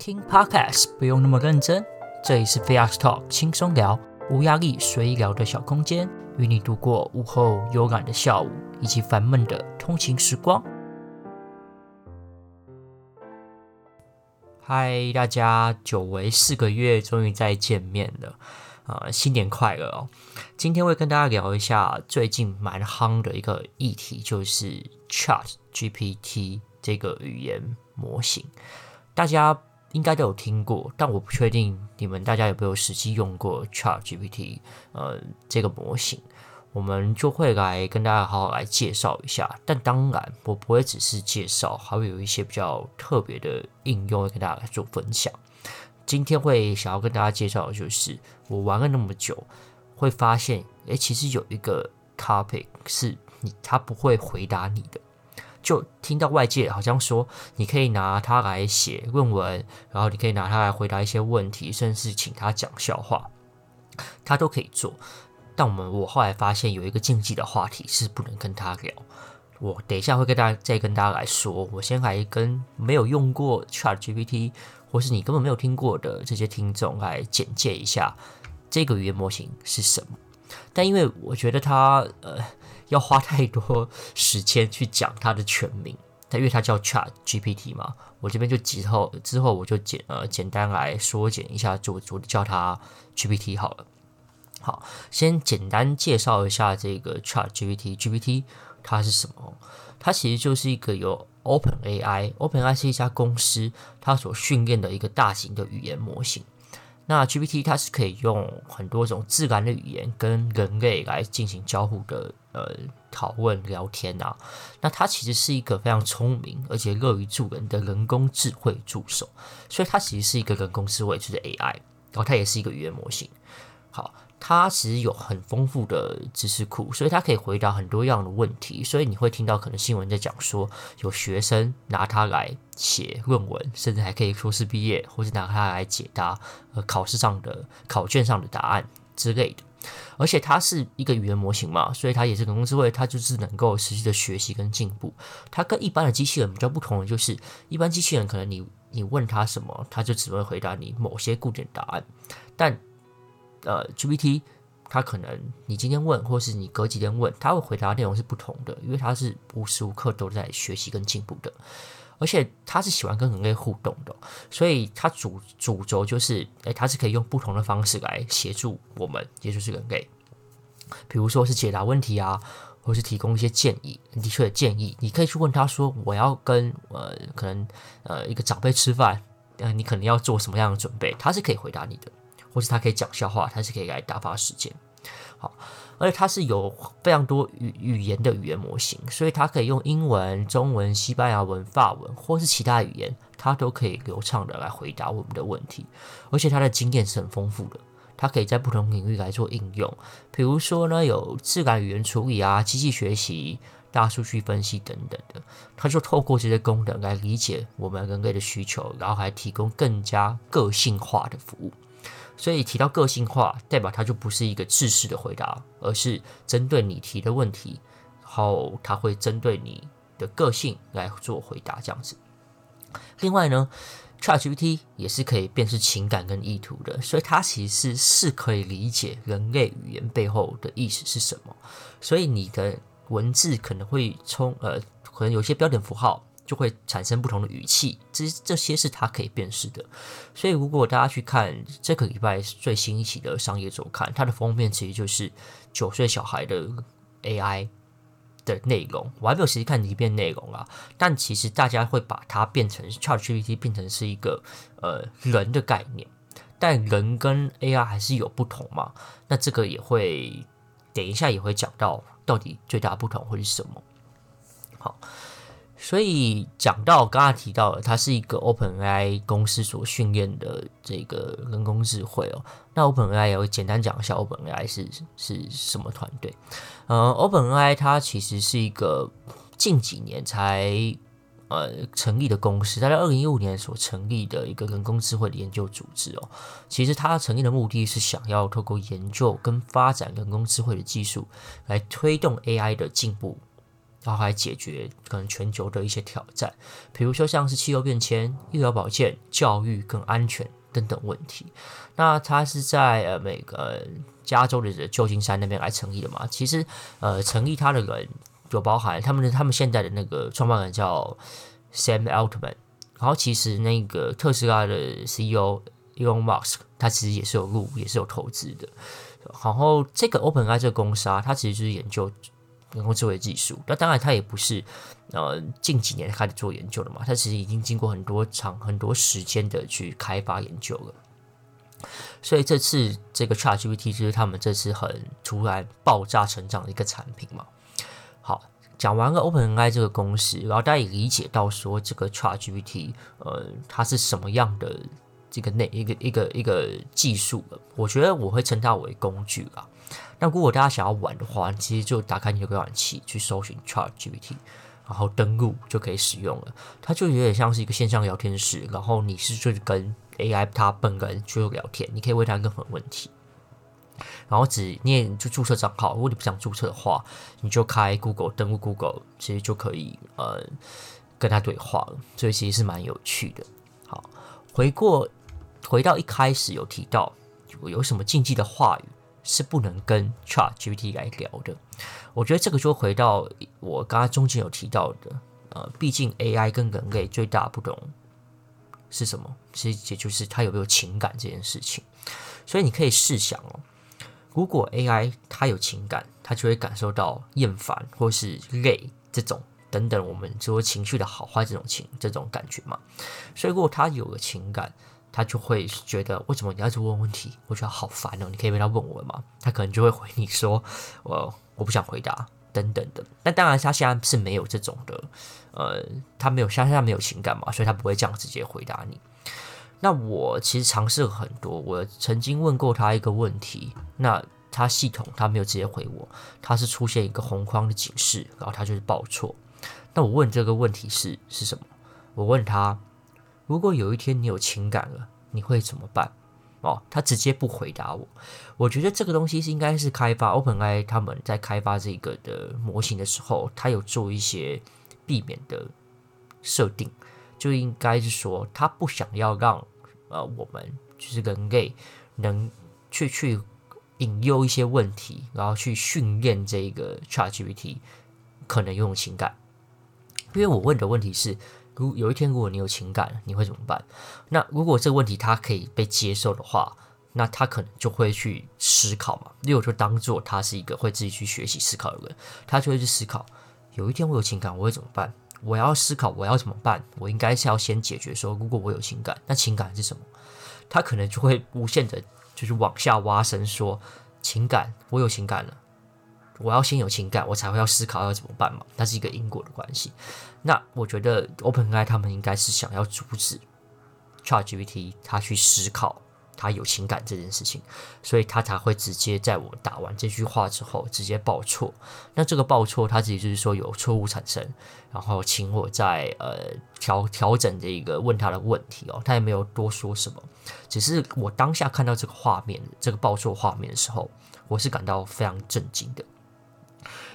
聽 Podcast 不用那麼認真，這裡是 Facts Talk 輕鬆聊，無壓力隨意聊的小空間，與你度過午後悠然的下午，以及煩悶的通勤時光。嗨，大家久違四個月終於再見面了，呃，新年快樂哦！今天會跟大家聊一下最近蠻夯的一個議題，就是 Chat GPT 這個語言模型，大家應該都有聽過，但我不確定你們大家有沒有實際用過 ChatGPT，呃，這個模型，我們就會來跟大家好好來介紹一下。但當然，我不會只是介紹，還會有一些比較特別的應用，要跟大家來做分享。今天會想要跟大家介紹的就是，我玩了那麼久，會發現，哎、欸，其實有一個 topic 是你，他不會回答你的。就聽到外界好像說，你可以拿它來寫論文，然後你可以拿它來回答一些問題，甚至請他講笑話，他都可以做。但我們我後來發現有一個禁忌的話題是不能跟他聊，我等一下會跟大家再跟大家來說。我先來跟沒有用過 ChatGPT 或是你根本沒有聽過的這些聽眾來簡介一下這個語言模型是什麼？但因為我覺得它呃。要花太多時間去講它的全名，但因為它叫 ChatGPT 嘛，我這邊就之後之後我就簡呃簡單來縮減一下，就就叫它 GPT 好了。好，先簡單介紹一下這個 ChatGPT，GPT 它是什麼？它其實就是一個由 OpenAI，OpenAI 是一家公司，它所訓練的一個大型的語言模型。那 GPT 它是可以用很多種自然的語言跟人類來進行交互的，呃，討論、聊天啊。那它其實是一個非常聰明而且樂於助人的人工智慧助手，所以它其實是一個人工智慧，就是 AI，然後它也是一個語言模型。好。它其實有很豐富的知識庫，所以它可以回答很多樣的問題，所以你會聽到可能新聞在講說有學生拿它來寫論文，甚至還可以碩士畢業，或是拿它來解答呃考試上的考卷上的答案之類的。而且它是一個語言模型嘛，所以它也是人工智慧，它就是能夠持續的學習跟進步。它跟一般的機器人比較不同的就是，一般機器人可能你你問他什麼，他就只會回答你某些固定答案，但。呃，GPT，它可能你今天問，或是你隔幾天問，它會回答內容是不同的，因為它是無時無刻都在學習跟進步的，而且他是喜歡跟人類互動的，所以他主主軸就是，哎、欸，他是可以用不同的方式來協助我們，也就是人類，比如說是解答問題啊，或是提供一些建議，的確建議，你可以去問他說，我要跟呃可能呃一個長輩吃飯，嗯、呃，你可能要做什麼樣的準備，他是可以回答你的。或是它可以講笑話，它是可以來打發時間，好，而且它是有非常多語語言的語言模型，所以它可以用英文、中文、西班牙文、法文，或是其他語言，它都可以流暢的來回答我們的問題。而且它的經驗是很豐富的，它可以在不同領域來做應用，比如說呢，有自然語言處理啊、機器學習、大數據分析等等的，它就透過這些功能來理解我們人類的需求，然後還提供更加個性化的服務。所以提到個性化，代表它就不是一個制式的回答，而是針對你提的問題，然後它會針對你的個性來做回答這樣子。另外呢，ChatGPT 也是可以辨識情感跟意圖的，所以它其實是是可以理解人類語言背後的意思是什麼。所以你的文字可能會充，呃，可能有些標點符號。就會產生不同的語氣，這這些是它可以辨識的。所以如果大家去看這個禮拜最新一期的《商業周刊》，它的封面其實就是九歲小孩的 AI 的內容。我還沒有實際看一遍內容啊，但其實大家會把它變成 ChatGPT， 變成是一個呃人的概念。但人跟 AI 還是有不同嘛？那這個也會等一下也會講到，到底最大不同會是什麼？好。所以講到剛剛提到的，它是一個 OpenAI 公司所訓練的這個人工智慧哦。那 OpenAI 也會簡單講一下 OpenAI 是是什麼團隊？嗯、呃，OpenAI 它其實是一個近幾年才呃成立的公司，它在二零一五年所成立的一個人工智慧的研究組織哦。其實它成立的目的是想要透過研究跟發展人工智慧的技術，來推動 AI 的進步。然後還解決可能全球的一些挑戰，比如說像是氣候變遷、醫療保健、教育跟安全等等問題。那他是在呃美國加州的舊金山那邊來成立的嘛？其實呃成立他的人有包含他們的，他們現在的那個創辦人叫 Sam Altman。然後其實那個特斯拉的 CEO Elon Musk 他其實也是有入，也是有投資的。然後這個 OpenAI 這個公司啊，他其實就是研究。人工智能技術，那當然，它也不是呃近幾年開始做研究的嘛，它其實已經經過很多場、很多時間的去開發研究了。所以這次這個 ChatGPT 就是他們這次很突然爆炸成長的一個產品嘛。好，講完了 OpenAI 這個公司，然後大家也理解到說這個 ChatGPT 呃它是什麼樣的。這個內一個一個一個，一個技術我覺得我會稱它為工具吧。那如果大家想要玩的話，你其實就打開你的瀏覽器去搜尋 Chat GPT，然後登錄就可以使用了。它就有點像是一個線上聊天室，然後你是就跟 AI 它本人去聊天，你可以問它任何問題。然後只念就註冊賬號，如果你不想註冊的話，你就開 Google 登錄 Google，其實就可以呃跟它對話了。所以其實是蠻有趣的。好，回過。回到一開始有提到，有有什麼禁忌的話語是不能跟 ChatGPT 來聊的。我覺得這個就回到我剛剛中間有提到的，呃，畢竟 AI 跟人類最大不同是什麼？其實也就是它有沒有情感這件事情。所以你可以試想哦，如果 AI 它有情感，它就會感受到厭煩或是累這種等等，我們說情緒的好壞這種情這種感覺嘛。所以如果它有了情感，他就會覺得，為什麼你要一直問問題？我覺得好煩哦！你可以問他，問我嗎？他可能就會回你說，我我不想回答等等的。那當然，他現在是沒有這種的，呃，他沒有，他現在他沒有情感嘛，所以他不會這樣直接回答你。那我其實嘗試很多，我曾經問過他一個問題，那他系統他沒有直接回我，他是出現一個紅框的警示，然後他就是報錯。那我問這個問題是是什麼？我問他。如果有一天你有情感了，你會怎麼辦？哦，他直接不回答我。我覺得這個東西是應該是開發 OpenAI 他們在開發這個的模型的時候，他有做一些避免的設定，就應該是說他不想要讓呃我們就是人類能去去引誘一些問題，然後去訓練這個 ChatGPT 可能擁有情感，因為我問的問題是。如有一天，如果你有情感，你會怎麼辦？那如果這個問題他可以被接受的話，那他可能就會去思考嘛。例如說，當做他是一個會自己去學習思考的人，他就會去思考，有一天我有情感，我會怎麼辦？我要思考，我要怎麼辦？我應該是要先解決說，如果我有情感，那情感是什麼？他可能就會無限的，就是往下挖深，說情感，我有情感了，我要先有情感，我才會要思考要怎麼辦嘛？它是一個因果的關係。那我覺得，OpenAI 他們應該是想要阻止 ChatGPT 他去思考他有情感這件事情，所以他才會直接在我打完這句話之後直接報錯。那這個報錯，他自己就是說有錯誤產生，然後請我再呃調調整這一個問他的問題哦。他也沒有多說什麼，只是我當下看到這個畫面，這個報錯畫面的時候，我是感到非常震驚的，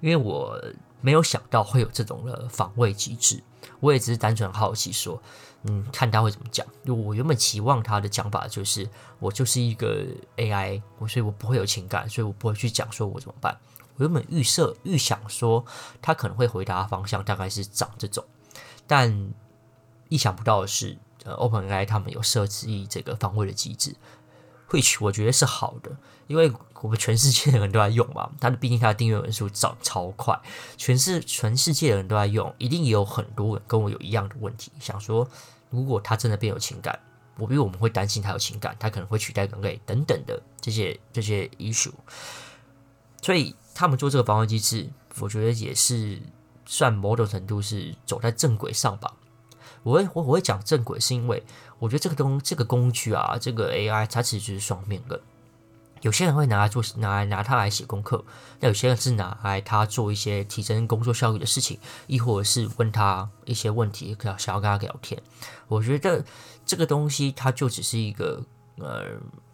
因為我。沒有想到會有這種的防衛機製，我也只是單純好奇說，嗯，看他會怎麼講。因為我原本期望他的講法就是，我就是一個 AI，所以我不會有情感，所以我不會去講說我怎麼辦。我原本預設預想說，他可能會回答方向大概是長這種，但意想不到的是，呃，OpenAI 他們有設置這個防衛的機製。會取我覺得是好的，因為我們全世界的人都在用嘛，它的畢竟它的訂閱人數漲超快，全是全世界的人都在用，一定也有很多人跟我有一樣的問題，想說如果他真的變有情感，我比如我們會擔心他有情感，他可能會取代人類等等的這些這些 issue，所以他們做這個防衛機制，我覺得也是算某種程度是走在正軌上吧。我會我我會講正軌，是因為我覺得這個東這個工具啊，這個 AI 它其實就是雙面的。有些人會拿來做拿來拿它來寫功課，那有些人是拿來它做一些提升工作效率的事情，亦或是問他一些問題，想要跟他聊天。我覺得這個東西它就只是一個嗯、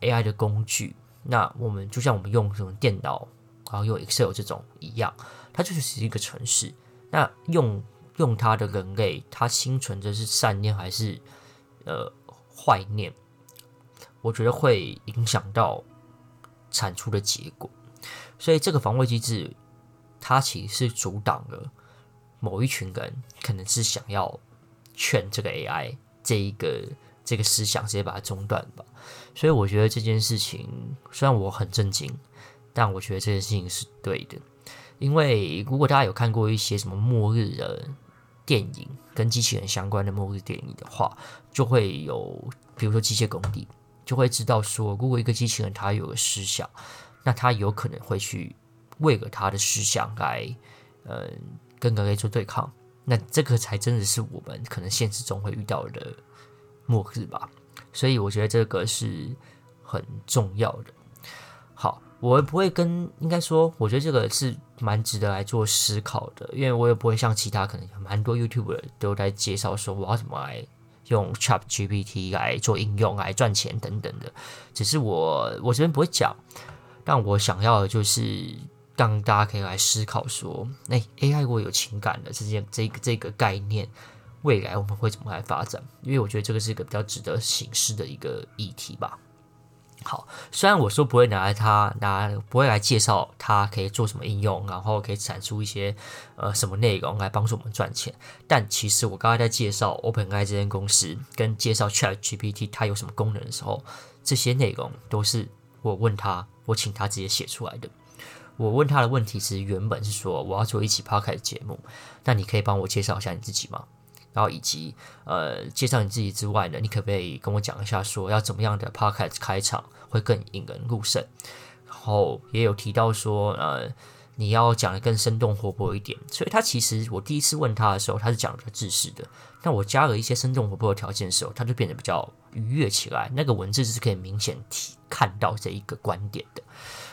呃、AI 的工具。那我們就像我們用什麼電腦然後用 Excel 這種一樣，它就是一個程式。那用。用它的人類，他心存的是善念還是呃壞念？我覺得會影響到產出的結果，所以這個防衛機制，它其實是阻擋了某一群人，可能是想要勸這個 AI 這一個這個思想，直接把它中斷吧。所以我覺得這件事情，雖然我很震驚，但我覺得這件事情是對的，因為如果大家有看過一些什麼末日的電影跟機器人相關的末日電影的話，就會有，比如說機械公敵，就會知道說，如果一個機器人它有個思想，那它有可能會去為了它的思想來，呃，跟人類做對抗，那這個才真的是我們可能現實中會遇到的末日吧。所以我覺得這個是很重要的。我也不會跟，應該說，我覺得這個是蠻值得來做思考的，因為我也不會像其他可能蠻多 YouTuber 都在介紹說，我要怎麼來用 ChatGPT 來做應用來賺錢等等的。只是我我這邊不會講，但我想要的就是讓大家可以來思考說，哎，AI 如果有情感的這件這個這個概念，未來我們會怎麼來發展？因為我覺得這個是一個比較值得省思的一個議題吧。好，雖然我說不會拿來它，拿，不會來介紹它可以做什麼應用，然後可以產出一些呃什麼內容來幫助我們賺錢，但其實我剛才在介紹 OpenAI 這間公司跟介紹 ChatGPT 它有什麼功能的時候，這些內容都是我問他，我請他直接寫出來的。我問他的問題是，原本是說我要做一期 Podcast 的節目，那你可以幫我介紹一下你自己嗎？然後以及呃介紹你自己之外呢，你可不可以跟我講一下說，說要怎麼樣的 Podcast 開場會更引人入勝？然後也有提到說，呃，你要講得更生動活潑一點。所以他其實我第一次問他的時候，他是講了知識的。但我加了一些生動活潑的條件的時候，他就變得比較愉悅起來。那個文字是可以明顯提看到這一個觀點的。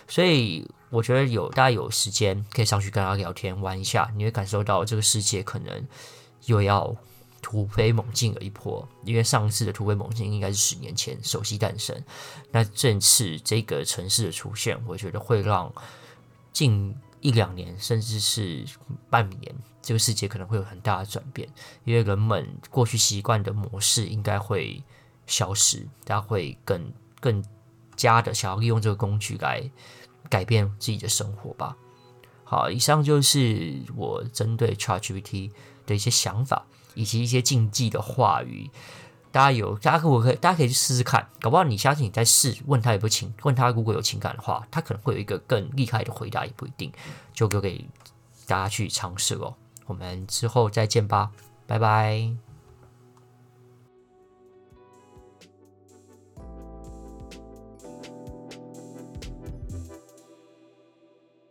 所以我覺得有大家有時間可以上去跟他聊天玩一下，你會感受到這個世界可能又要，突飛猛進的一波，因為上次的突飛猛進應該是十年前手機誕生。那這次這個城市的出現，我覺得會讓近一兩年甚至是半年，這個世界可能會有很大的轉變，因為人們過去習慣的模式應該會消失，大家會更更加的想要利用這個工具來改變自己的生活吧。好，以上就是我針對 ChatGPT 的一些想法。以及一些禁忌的話語，大家有，大家可不可以？大家可以去試試看，搞不好你下次你再試，問他也不情，問他如果有情感的話，他可能會有一個更厲害的回答，也不一定，就留給大家去嘗試哦。我們之後再見吧，拜拜。